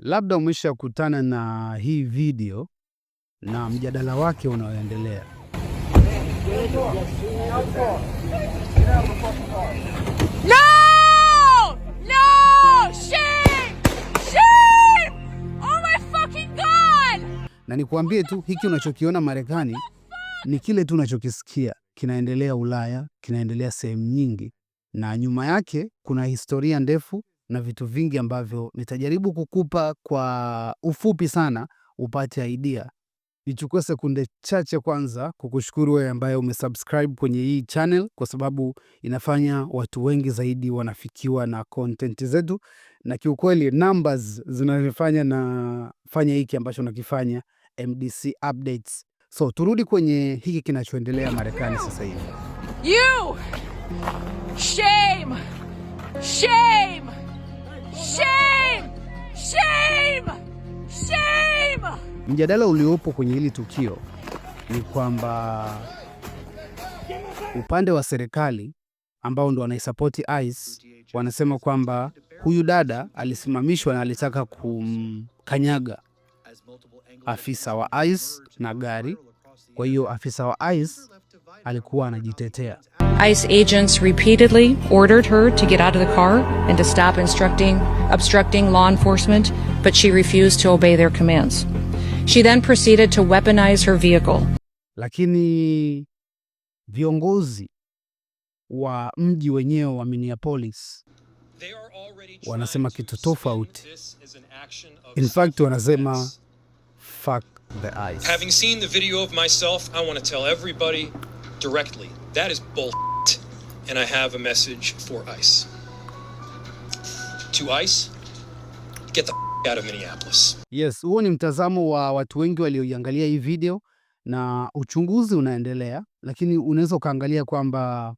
Labda umeshakutana na hii video na mjadala wake unaoendelea. No! No! Oh Na nikuambie tu hiki unachokiona Marekani ni kile tu unachokisikia kinaendelea Ulaya, kinaendelea sehemu nyingi, na nyuma yake kuna historia ndefu na vitu vingi ambavyo nitajaribu kukupa kwa ufupi sana upate idea. Nichukue sekunde chache kwanza kukushukuru wewe ambaye umesubscribe kwenye hii channel, kwa sababu inafanya watu wengi zaidi wanafikiwa na content zetu, na kiukweli numbers zinazofanya na fanya hiki ambacho nakifanya MDC updates. So turudi kwenye hiki kinachoendelea Marekani sasa hivi. You shame shame Shame! Shame! Shame! Mjadala uliopo kwenye hili tukio ni kwamba upande wa serikali ambao ndo wanaisapoti ICE wanasema kwamba huyu dada alisimamishwa na alitaka kumkanyaga afisa wa ICE na gari kwa hiyo afisa wa ICE alikuwa anajitetea. ICE agents repeatedly ordered her to get out of the car and to stop instructing, obstructing law enforcement, but she refused to obey their commands. She then proceeded to weaponize her vehicle. Lakini viongozi wa mji wenyewe wa Minneapolis wanasema kitu tofauti. In fact, wanasema fuck the ice. Having seen the video of myself, I want to tell everybody directly that is bull. and I have a message for ICE. To ICE, get the out of Minneapolis. Yes, huo ni mtazamo wa watu wengi walioiangalia hii video na uchunguzi unaendelea, lakini unaweza ukaangalia kwamba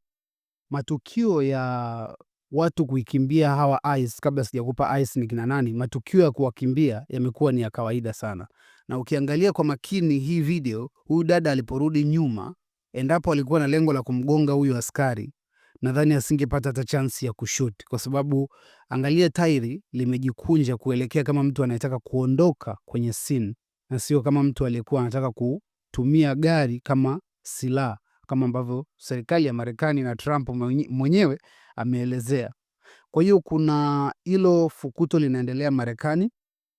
matukio ya watu kuikimbia hawa ICE, kabla sijakupa ICE ni kina nani, matukio ya kuwakimbia yamekuwa ni ya kawaida sana na ukiangalia kwa makini hii video, huyu dada aliporudi nyuma, endapo alikuwa na lengo la kumgonga huyu askari, nadhani asingepata hata chansi ya kushuti, kwa sababu angalia tairi limejikunja kuelekea kama mtu anayetaka kuondoka kwenye scene, na sio kama mtu aliyekuwa anataka kutumia gari kama silaha kama ambavyo serikali ya Marekani na Trump mwenyewe ameelezea. Kwa hiyo kuna hilo fukuto linaendelea Marekani,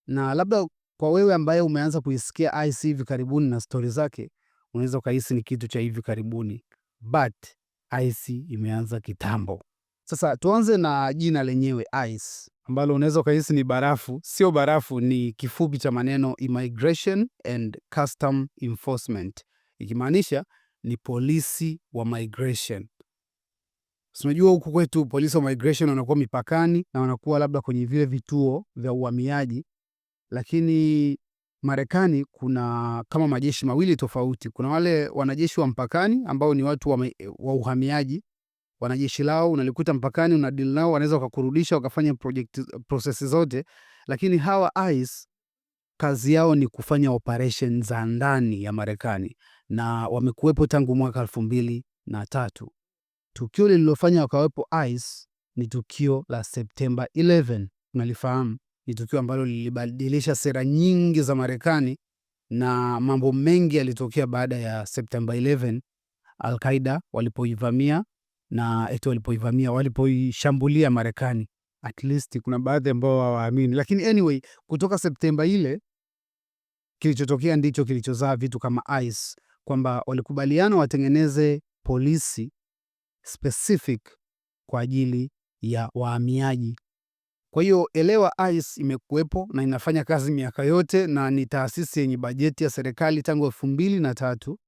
na labda kwa wewe ambaye umeanza kuisikia Ice hivi karibuni na stori zake, unaweza ukahisi ni kitu cha hivi karibuni, but Ice imeanza kitambo. Sasa tuanze na jina lenyewe ICE ambalo unaweza ukahisi ni barafu. Sio barafu, ni kifupi cha maneno Immigration and Custom Enforcement, ikimaanisha ni polisi wa migration. Unajua huku kwetu polisi wa migration wanakuwa mipakani na wanakuwa labda kwenye vile vituo vya uhamiaji lakini Marekani kuna kama majeshi mawili tofauti. Kuna wale wanajeshi wa mpakani ambao ni watu wa, wa uhamiaji, wanajeshi lao unalikuta mpakani, una deal nao, wanaweza wakakurudisha wakafanya project process zote, lakini hawa ICE kazi yao ni kufanya operation za ndani ya Marekani na wamekuwepo tangu mwaka elfu mbili na tatu. Tukio lililofanya wakawepo ICE ni tukio la Septemba 11 unalifahamu? Ni tukio ambalo lilibadilisha sera nyingi za Marekani na mambo mengi yalitokea baada ya September 11, Al-Qaida walipoivamia na eti walipoivamia, walipoishambulia Marekani. At least kuna baadhi ambao hawaamini, lakini anyway, kutoka Septemba ile kilichotokea ndicho kilichozaa vitu kama ICE, kwamba walikubaliana watengeneze polisi specific kwa ajili ya wahamiaji kwa hiyo elewa AIS imekuwepo na inafanya kazi miaka yote na ni taasisi yenye bajeti ya serikali tangu elfu mbili na tatu,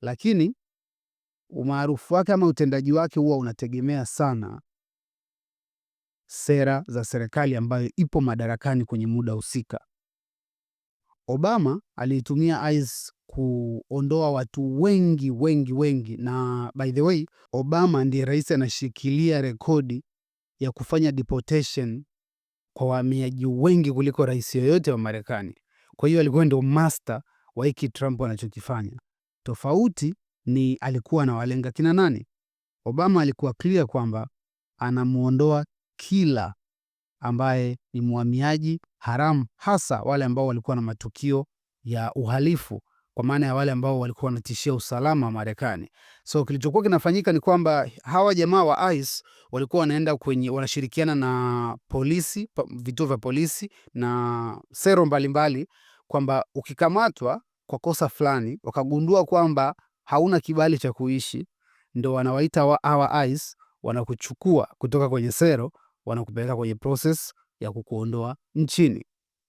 lakini umaarufu wake ama utendaji wake huwa unategemea sana sera za serikali ambayo ipo madarakani kwenye muda husika. Obama aliitumia AIS kuondoa watu wengi wengi wengi, na by the way, Obama ndiye rais anashikilia rekodi ya kufanya deportation kwa wahamiaji wengi kuliko rais yoyote wa Marekani. Kwa hiyo alikuwa ndio master wa hiki Trump anachokifanya. Tofauti ni alikuwa anawalenga kina nani? Obama alikuwa clear kwamba anamuondoa kila ambaye ni mhamiaji haramu, hasa wale ambao walikuwa na matukio ya uhalifu kwa maana ya wale ambao walikuwa wanatishia usalama wa Marekani. So kilichokuwa kinafanyika ni kwamba hawa jamaa wa ICE walikuwa wanaenda kwenye, wanashirikiana na polisi, vituo vya polisi na sero mbalimbali, kwamba ukikamatwa kwa kosa fulani, wakagundua kwamba hauna kibali cha kuishi, ndo wanawaita wa, hawa ICE, wanakuchukua kutoka kwenye sero, wanakupeleka kwenye process ya kukuondoa nchini.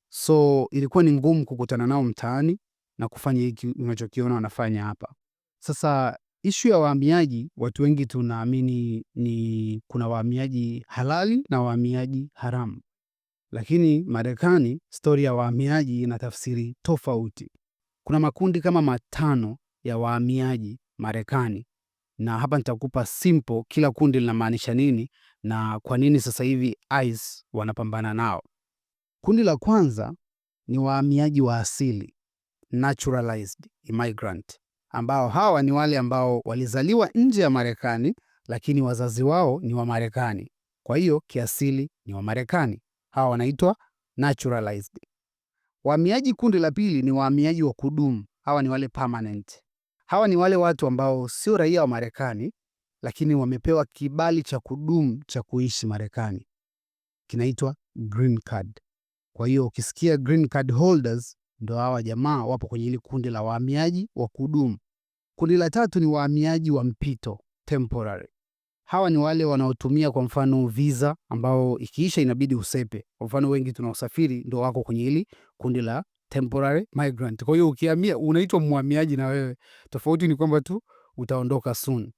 So ilikuwa ni ngumu kukutana nao mtaani na kufanya hiki unachokiona wanafanya hapa. Sasa ishu ya wahamiaji, watu wengi tunaamini ni kuna wahamiaji halali na wahamiaji haramu, lakini Marekani stori ya wahamiaji ina tafsiri tofauti. Kuna makundi kama matano ya wahamiaji Marekani, na hapa nitakupa simple kila kundi linamaanisha nini na kwa nini sasa hivi ICE wanapambana nao. Kundi la kwanza ni wahamiaji wa asili naturalized immigrant, ambao hawa ni wale ambao walizaliwa nje ya Marekani lakini wazazi wao ni wa Marekani, kwa hiyo kiasili ni wa Marekani. Hawa wanaitwa naturalized. Wahamiaji, kundi la pili ni wahamiaji wa kudumu. Hawa ni wale permanent. Hawa ni wale watu ambao sio raia wa Marekani lakini wamepewa kibali cha kudumu cha kuishi Marekani, kinaitwa green card. Kwa hiyo ukisikia green card holders ndo hawa jamaa wapo kwenye ile kundi la wahamiaji wa kudumu. Kundi la tatu ni wahamiaji wa mpito temporary. Hawa ni wale wanaotumia kwa mfano visa ambao ikiisha inabidi usepe. Kwa mfano wengi tunaosafiri ndo wako kwenye hili kundi la temporary migrant. Kwa hiyo ukihamia unaitwa mhamiaji na wewe. Tofauti ni kwamba tu utaondoka soon.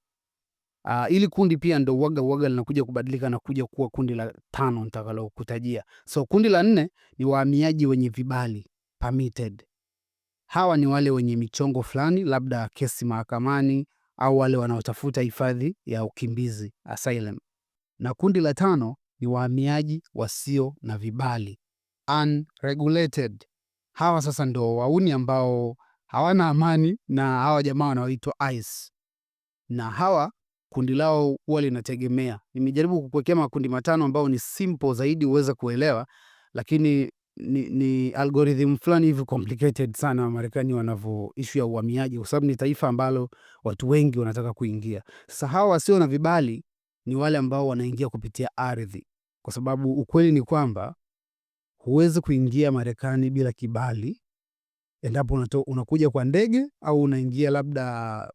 Uh, ah, ili kundi pia ndo waga waga linakuja kubadilika na kuja kuwa kundi la tano nitakalokutajia. So kundi la nne ni wahamiaji wenye vibali permitted. Hawa ni wale wenye michongo fulani, labda kesi mahakamani au wale wanaotafuta hifadhi ya ukimbizi asylum. Na kundi la tano ni wahamiaji wasio na vibali unregulated. Hawa sasa ndo wauni ambao hawana amani na hawa jamaa wanaoitwa ICE. Na hawa kundi lao huwa linategemea, nimejaribu kukuwekea makundi matano ambao ni simple zaidi uweze kuelewa, lakini ni, ni algorithm fulani hivi complicated sana Wamarekani wanavyo ishu ya uhamiaji, kwa sababu ni taifa ambalo watu wengi wanataka kuingia. Sasa hawa wasio na vibali ni wale ambao wanaingia kupitia ardhi, kwa sababu ukweli ni kwamba huwezi kuingia Marekani bila kibali endapo unato, unakuja kwa ndege au unaingia labda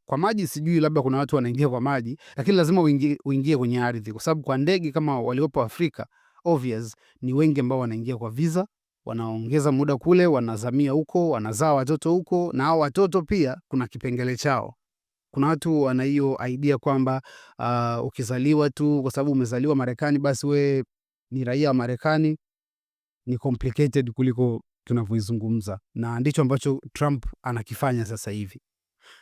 kwa maji. Sijui labda kuna watu wanaingia kwa maji, lakini lazima uingie, uingie kwenye ardhi, kwa sababu kwa ndege kama waliopo Afrika obvious ni wengi ambao wanaingia kwa visa wanaongeza muda kule, wanazamia huko, wanazaa watoto huko, na hao watoto pia kuna kipengele chao. Kuna watu wana hiyo idea kwamba uh, ukizaliwa tu kwa sababu umezaliwa Marekani basi we ni raia wa Marekani. Ni complicated kuliko tunavyoizungumza, na ndicho ambacho Trump anakifanya sasa hivi.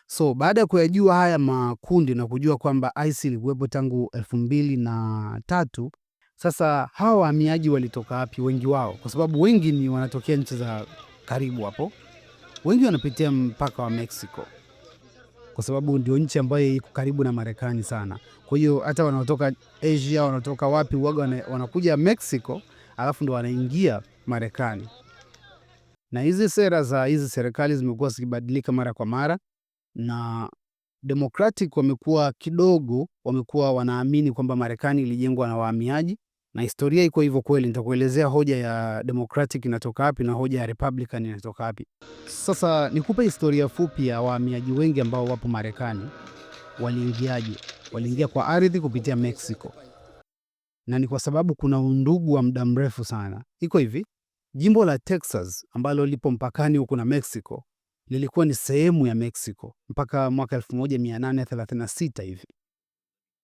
So baada ya kuyajua haya makundi na kujua kwamba ISIL ilikuwepo tangu elfu mbili na tatu sasa hawa wahamiaji walitoka wapi? Wengi wao, kwa sababu wengi ni wanatokea nchi za karibu hapo, wengi wanapitia mpaka wa Mexico kwa sababu ndio nchi ambayo iko karibu na Marekani sana. Kwa hiyo hata wanaotoka Asia, wanaotoka wapi, uwaga wanakuja Mexico alafu ndo wanaingia Marekani. Na hizi sera za hizi serikali zimekuwa zikibadilika mara kwa mara, na Democratic wamekuwa kidogo, wamekuwa wanaamini kwamba Marekani ilijengwa na wahamiaji na historia iko hivyo kweli. Nitakuelezea hoja ya Democratic inatoka wapi na hoja ya Republican inatoka wapi. Sasa nikupe historia fupi ya wahamiaji wengi ambao wapo Marekani. Waliingiaje? Waliingia kwa ardhi kupitia Mexico, na ni kwa sababu kuna undugu wa muda mrefu sana. Iko hivi, jimbo la Texas ambalo lipo mpakani huku na Mexico lilikuwa ni sehemu ya Mexico mpaka mwaka 1836 hivi.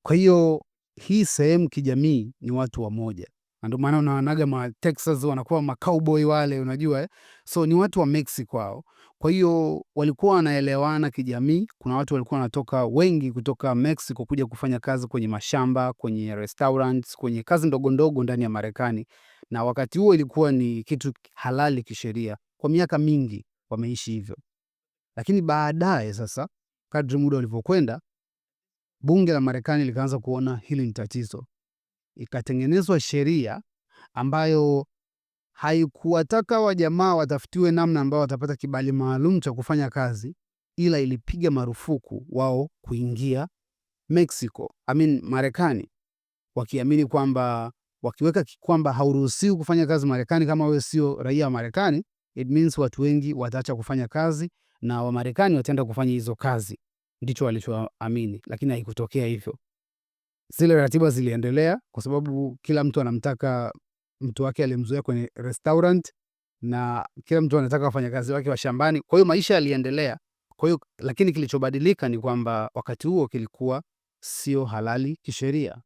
Kwa hiyo hii sehemu kijamii ni watu wamoja, na ndio maana unaonaga ma Texas wanakuwa ma cowboy wale, unajua eh? So ni watu wa Mexico hao. Kwa hiyo walikuwa wanaelewana kijamii. Kuna watu walikuwa wanatoka wengi kutoka Mexico kuja kufanya kazi kwenye mashamba, kwenye restaurants, kwenye kazi ndogo ndogo ndani ya Marekani, na wakati huo ilikuwa ni kitu halali kisheria. Kwa miaka mingi wameishi hivyo, lakini baadaye sasa, kadri muda ulivyokwenda bunge la Marekani likaanza kuona hili ni tatizo, ikatengenezwa sheria ambayo haikuwataka wajamaa watafutiwe namna ambayo watapata kibali maalum cha kufanya kazi, ila ilipiga marufuku wao kuingia Mexico, I mean Marekani, wakiamini kwamba wakiweka kwamba hauruhusiwi kufanya kazi Marekani kama wewe sio raia wa Marekani, it means watu wengi wataacha kufanya kazi na Wamarekani wataenda kufanya hizo kazi ndicho alichoamini, lakini haikutokea hivyo. Zile ratiba ziliendelea kwa sababu kila mtu anamtaka mtu wake alimzoea kwenye restaurant na kila mtu anataka wafanyakazi wake wa shambani. Kwa hiyo maisha yaliendelea. Kwa hiyo lakini kilichobadilika ni kwamba wakati huo kilikuwa sio halali kisheria.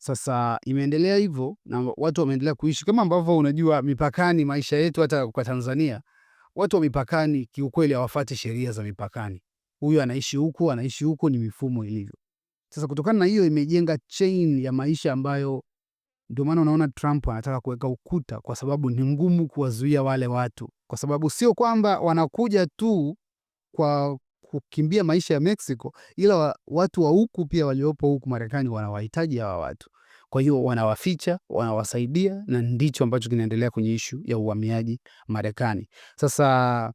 Sasa imeendelea hivyo na watu wameendelea kuishi kama ambavyo unajua, mipakani, maisha yetu hata kwa Tanzania, watu wa mipakani kiukweli hawafati sheria za mipakani huyu anaishi huku, anaishi huku, ni mifumo ilivyo. Sasa kutokana na hiyo imejenga chain ya maisha ambayo ndio maana unaona Trump anataka kuweka ukuta, kwa sababu ni ngumu kuwazuia wale watu, kwa sababu sio kwamba wanakuja tu kwa kukimbia maisha ya Mexico, ila wa, watu wa huku pia waliopo huku Marekani wanawahitaji hawa watu. Kwa hiyo wanawaficha, wanawasaidia, na ndicho ambacho kinaendelea kwenye ishu ya uhamiaji Marekani. Sasa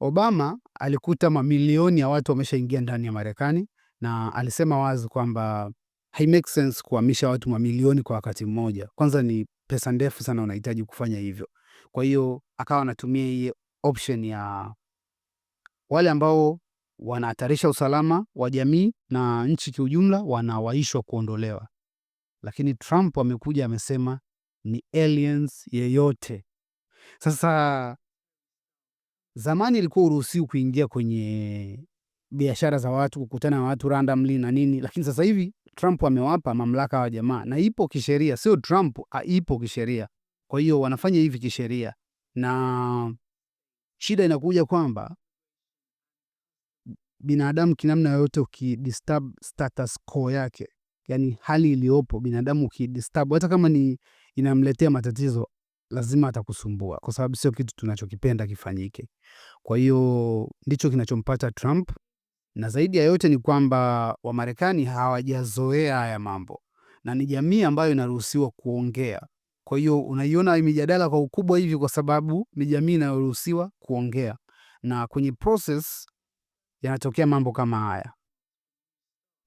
Obama alikuta mamilioni ya watu wameshaingia ndani ya Marekani na alisema wazi kwamba hai make sense kuhamisha watu mamilioni kwa wakati mmoja. Kwanza ni pesa ndefu sana, unahitaji kufanya hivyo. Kwa hiyo akawa anatumia hii option ya wale ambao wanahatarisha usalama wa jamii na nchi kiujumla, wanawaishwa kuondolewa. Lakini Trump amekuja amesema ni aliens yeyote. Sasa Zamani ilikuwa uruhusiwi kuingia kwenye biashara za watu, kukutana na watu randomly na nini, lakini sasa hivi Trump amewapa mamlaka wa jamaa na ipo kisheria, sio Trump, aipo kisheria. Kwa hiyo wanafanya hivi kisheria, na shida inakuja kwamba binadamu kinamna yoyote ukidisturb status quo yake, yani hali iliyopo binadamu ukidisturb, hata kama ni inamletea matatizo, lazima atakusumbua kwa sababu sio kitu tunachokipenda kifanyike. Kwa hiyo ndicho kinachompata Trump, na zaidi ya yote ni kwamba Wamarekani hawajazoea haya mambo na ni jamii ambayo inaruhusiwa kuongea. Kwa hiyo unaiona mijadala kwa ukubwa hivi kwa sababu ni jamii inayoruhusiwa kuongea, na kwenye process yanatokea mambo kama haya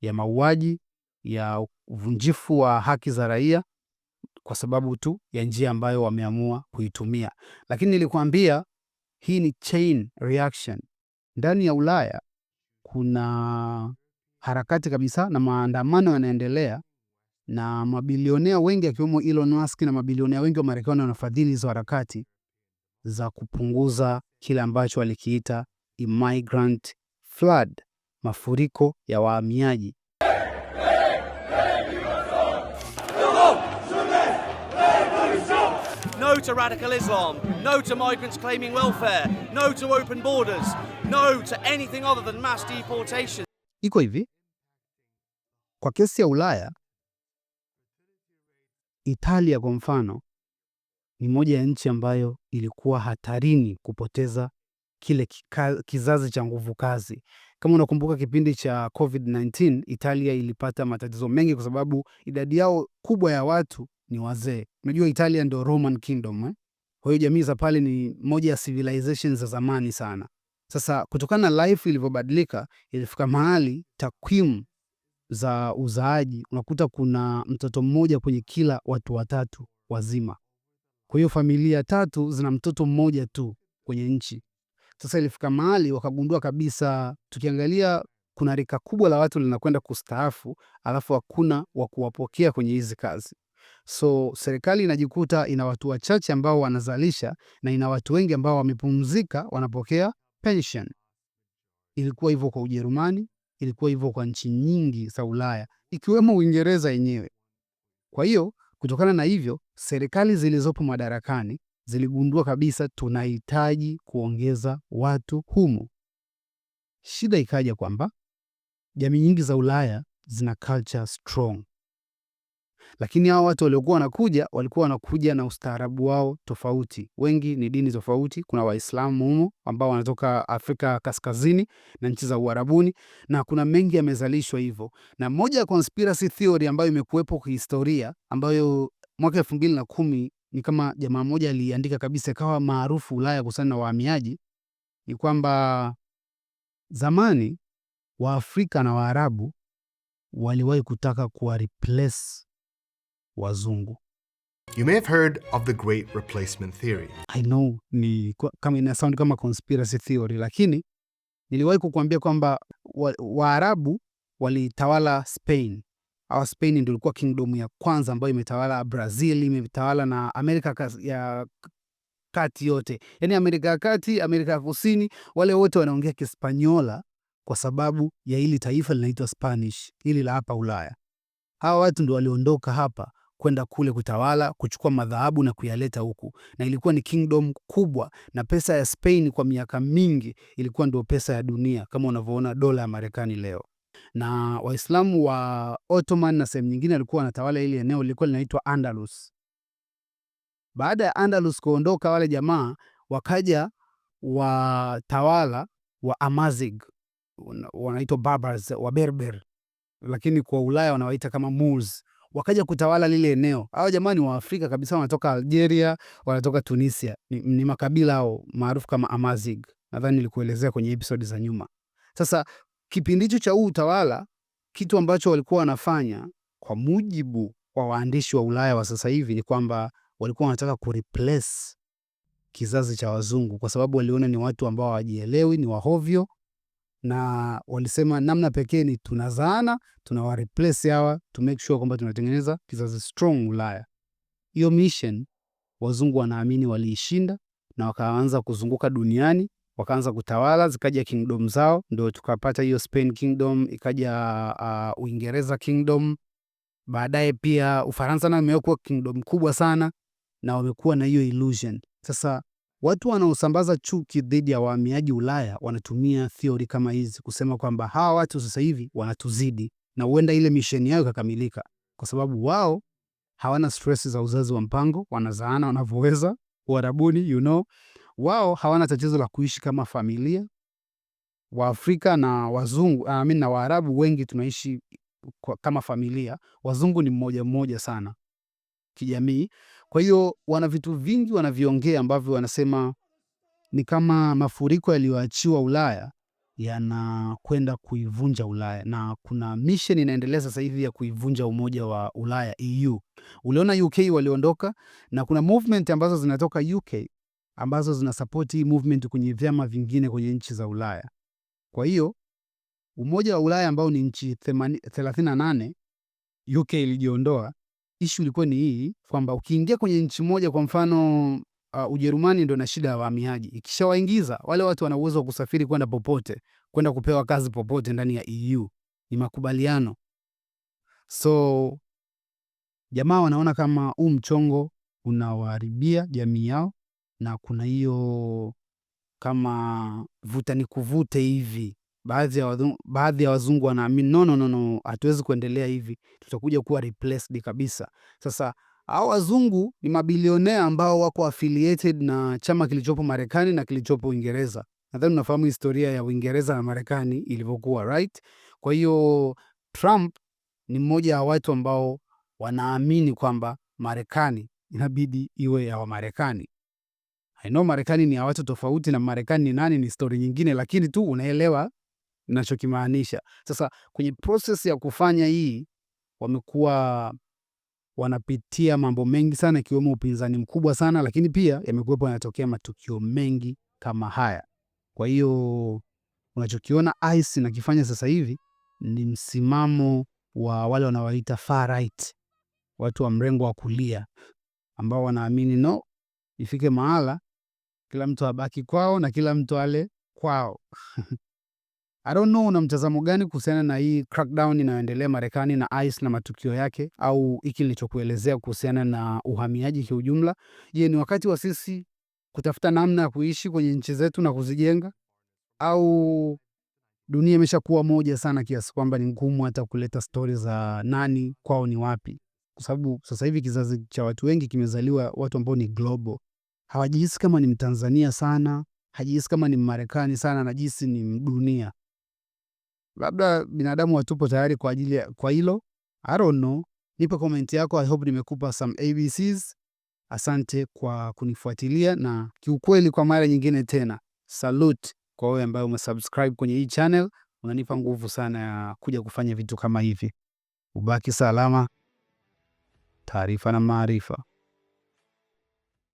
ya mauaji, ya uvunjifu wa haki za raia kwa sababu tu ya njia ambayo wameamua kuitumia. Lakini nilikuambia hii ni chain reaction. Ndani ya Ulaya kuna harakati kabisa na maandamano yanaendelea, na mabilionea wengi akiwemo Elon Musk na mabilionea wengi wa Marekani wanafadhili hizo harakati za kupunguza kile ambacho walikiita immigrant flood, mafuriko ya wahamiaji to radical Islam, no to migrants claiming welfare, no to open borders, no to anything other than mass deportation. Iko hivi kwa kesi ya Ulaya, Italia kwa mfano ni moja ya nchi ambayo ilikuwa hatarini kupoteza kile kizazi cha nguvu kazi. Kama unakumbuka kipindi cha COVID-19, Italia ilipata matatizo mengi kwa sababu idadi yao kubwa ya watu ni wazee. Unajua Italia ndio Roman Kingdom eh? Kwa hiyo jamii za pale ni moja ya civilization za zamani sana. Sasa kutokana na life ilivyobadilika, ilifika mahali takwimu za uzaaji unakuta kuna mtoto mmoja kwenye kila watu watatu wazima. Kwa hiyo familia tatu zina mtoto mmoja tu kwenye nchi. Sasa ilifika mahali wakagundua kabisa, tukiangalia kuna rika kubwa la watu linakwenda kustaafu, alafu hakuna wa kuwapokea kwenye hizi kazi. So serikali inajikuta ina watu wachache ambao wanazalisha na ina watu wengi ambao wamepumzika, wanapokea pension. Ilikuwa hivyo kwa Ujerumani, ilikuwa hivyo kwa nchi nyingi za Ulaya ikiwemo Uingereza yenyewe. Kwa hiyo kutokana na hivyo, serikali zilizopo madarakani ziligundua kabisa tunahitaji kuongeza watu humo Shida ikaja kwamba jamii nyingi za Ulaya zina culture strong lakini hawa watu waliokuwa wanakuja walikuwa wanakuja na ustaarabu wao tofauti, wengi ni dini tofauti. Kuna Waislamu humo ambao wanatoka Afrika Kaskazini na nchi za Uarabuni, na kuna mengi yamezalishwa hivyo, na moja ya conspiracy theory ambayo imekuwepo kihistoria, ambayo mwaka elfu mbili na kumi ni kama jamaa mmoja aliandika kabisa, ikawa maarufu Ulaya kuhusiana na wahamiaji, ni kwamba zamani Waafrika na Waarabu waliwahi kutaka kuwa replace wazungu. You may have heard of the great replacement theory. I know ni kama ina sound kama conspiracy theory, lakini niliwahi kukuambia kwamba Waarabu wa walitawala Spain au Spain ndio ilikuwa kingdom ya kwanza ambayo imetawala Brazil, imetawala na Amerika ya kati yote, yaani Amerika ya kati, Amerika ya kusini, wale wote wanaongea Kispanyola kwa sababu ya hili taifa linaitwa Spanish, hili la hapa Ulaya. Hawa watu ndio waliondoka hapa kwenda kule kutawala, kuchukua madhahabu na kuyaleta huku, na ilikuwa ni kingdom kubwa, na pesa ya Spain kwa miaka mingi ilikuwa ndio pesa ya dunia kama unavyoona dola ya Marekani leo na Waislamu wa Ottoman na sehemu nyingine walikuwa wanatawala ile eneo lilikuwa linaitwa Andalus. Baada ya Andalus kuondoka wale jamaa wakaja watawala wa Amazigh wanaitwa Barbars, Waberber, lakini kwa Ulaya wanawaita kama Moors wakaja kutawala lile eneo. Hao jamani wa Afrika kabisa, wanatoka Algeria, wanatoka Tunisia, ni, ni makabila ao maarufu kama Amazig. Nadhani nilikuelezea kwenye episodi za nyuma. Sasa kipindi hicho cha huu utawala, kitu ambacho walikuwa wanafanya kwa mujibu wa waandishi wa Ulaya wa sasa hivi ni kwamba walikuwa wanataka kureplace kizazi cha wazungu kwa sababu waliona ni watu ambao hawajielewi, ni wahovyo, na walisema namna pekee ni tunazaana, tunawa replace hawa to make sure kwamba tunatengeneza kizazi strong Ulaya. Hiyo mission wazungu wanaamini waliishinda, na wakaanza kuzunguka duniani, wakaanza kutawala, zikaja kingdom zao, ndo tukapata hiyo Spain kingdom, ikaja uh, Uingereza kingdom, baadaye pia Ufaransa na imekuwa kingdom kubwa sana, na wamekuwa na hiyo illusion sasa Watu wanaosambaza chuki dhidi ya wahamiaji Ulaya wanatumia theory kama hizi kusema kwamba hawa watu sasa hivi wanatuzidi na huenda ile misheni yao ikakamilika, kwa sababu wao hawana stress za uzazi wa mpango, wanazaana wanavyoweza, Uarabuni you know. Wao hawana tatizo la kuishi kama familia. Waafrika na wazungu I mean, na Waarabu wengi tunaishi kama familia, wazungu ni mmoja mmoja sana kijamii. Kwa hiyo wana vitu vingi wanaviongea ambavyo wanasema ni kama mafuriko yaliyoachiwa Ulaya yanakwenda kuivunja Ulaya, na kuna mission inaendelea sasa hivi ya kuivunja umoja wa Ulaya, EU. Uliona UK waliondoka, na kuna movement ambazo zinatoka UK ambazo zinasapoti hii movement kwenye vyama vingine kwenye nchi za Ulaya. Kwa hiyo umoja wa Ulaya ambao ni nchi 38 UK ilijiondoa ishu ilikuwa ni hii kwamba ukiingia kwenye nchi moja, kwa mfano uh, Ujerumani ndo na shida ya wahamiaji. Ikishawaingiza wale watu wana uwezo wa kusafiri kwenda popote, kwenda kupewa kazi popote ndani ya EU, ni makubaliano. So jamaa wanaona kama huu mchongo unawaharibia jamii yao, na kuna hiyo kama vuta ni kuvute hivi Baadhi ya wazungu, baadhi ya wazungu wanaamini no, no, no, no, hatuwezi kuendelea hivi, tutakuja kuwa replaced kabisa. Sasa hao wazungu ni mabilionea ambao wako affiliated na chama kilichopo Marekani na kilichopo Uingereza. Nadhani unafahamu historia ya Uingereza na Marekani ilivyokuwa, right? Kwa hiyo Trump ni mmoja ya watu ambao wanaamini kwamba Marekani inabidi iwe ya Wamarekani. I know Marekani ni ya watu tofauti, na Marekani ni nani ni stori nyingine, lakini tu unaelewa nachokimaanisha. Sasa kwenye proses ya kufanya hii wamekuwa wanapitia mambo mengi sana, ikiwemo upinzani mkubwa sana, lakini pia yamekuwepo yanatokea matukio mengi kama haya. Kwa hiyo unachokiona ICE nakifanya sasa hivi ni msimamo wa wale wanawaita far right, watu wa mrengo wa kulia ambao wanaamini no, ifike mahala kila mtu abaki kwao na kila mtu ale kwao I don't know una mtazamo gani kuhusiana na hii crackdown inayoendelea Marekani na ICE na matukio yake au hiki nilichokuelezea kuhusiana na uhamiaji kiujumla? Je, ni wakati wa sisi kutafuta namna ya kuishi kwenye nchi zetu na kuzijenga au dunia imeshakuwa moja sana kiasi kwamba ni ngumu hata kuleta stori za nani kwao ni wapi, kwa sababu sasa hivi kizazi cha watu wengi kimezaliwa watu ambao ni global. Hawajihisi kama ni Mtanzania sana, hajihisi kama ni Mmarekani sana, anajihisi ni mdunia labda binadamu hatupo tayari kwa ajili ya kwa hilo. I don't know. Nipe komenti yako. I hope nimekupa some ABCs. Asante kwa kunifuatilia, na kiukweli, kwa mara nyingine tena, salute kwa wewe ambaye umesubscribe kwenye hii channel. Unanipa nguvu sana ya kuja kufanya vitu kama hivi. Ubaki salama, taarifa na maarifa.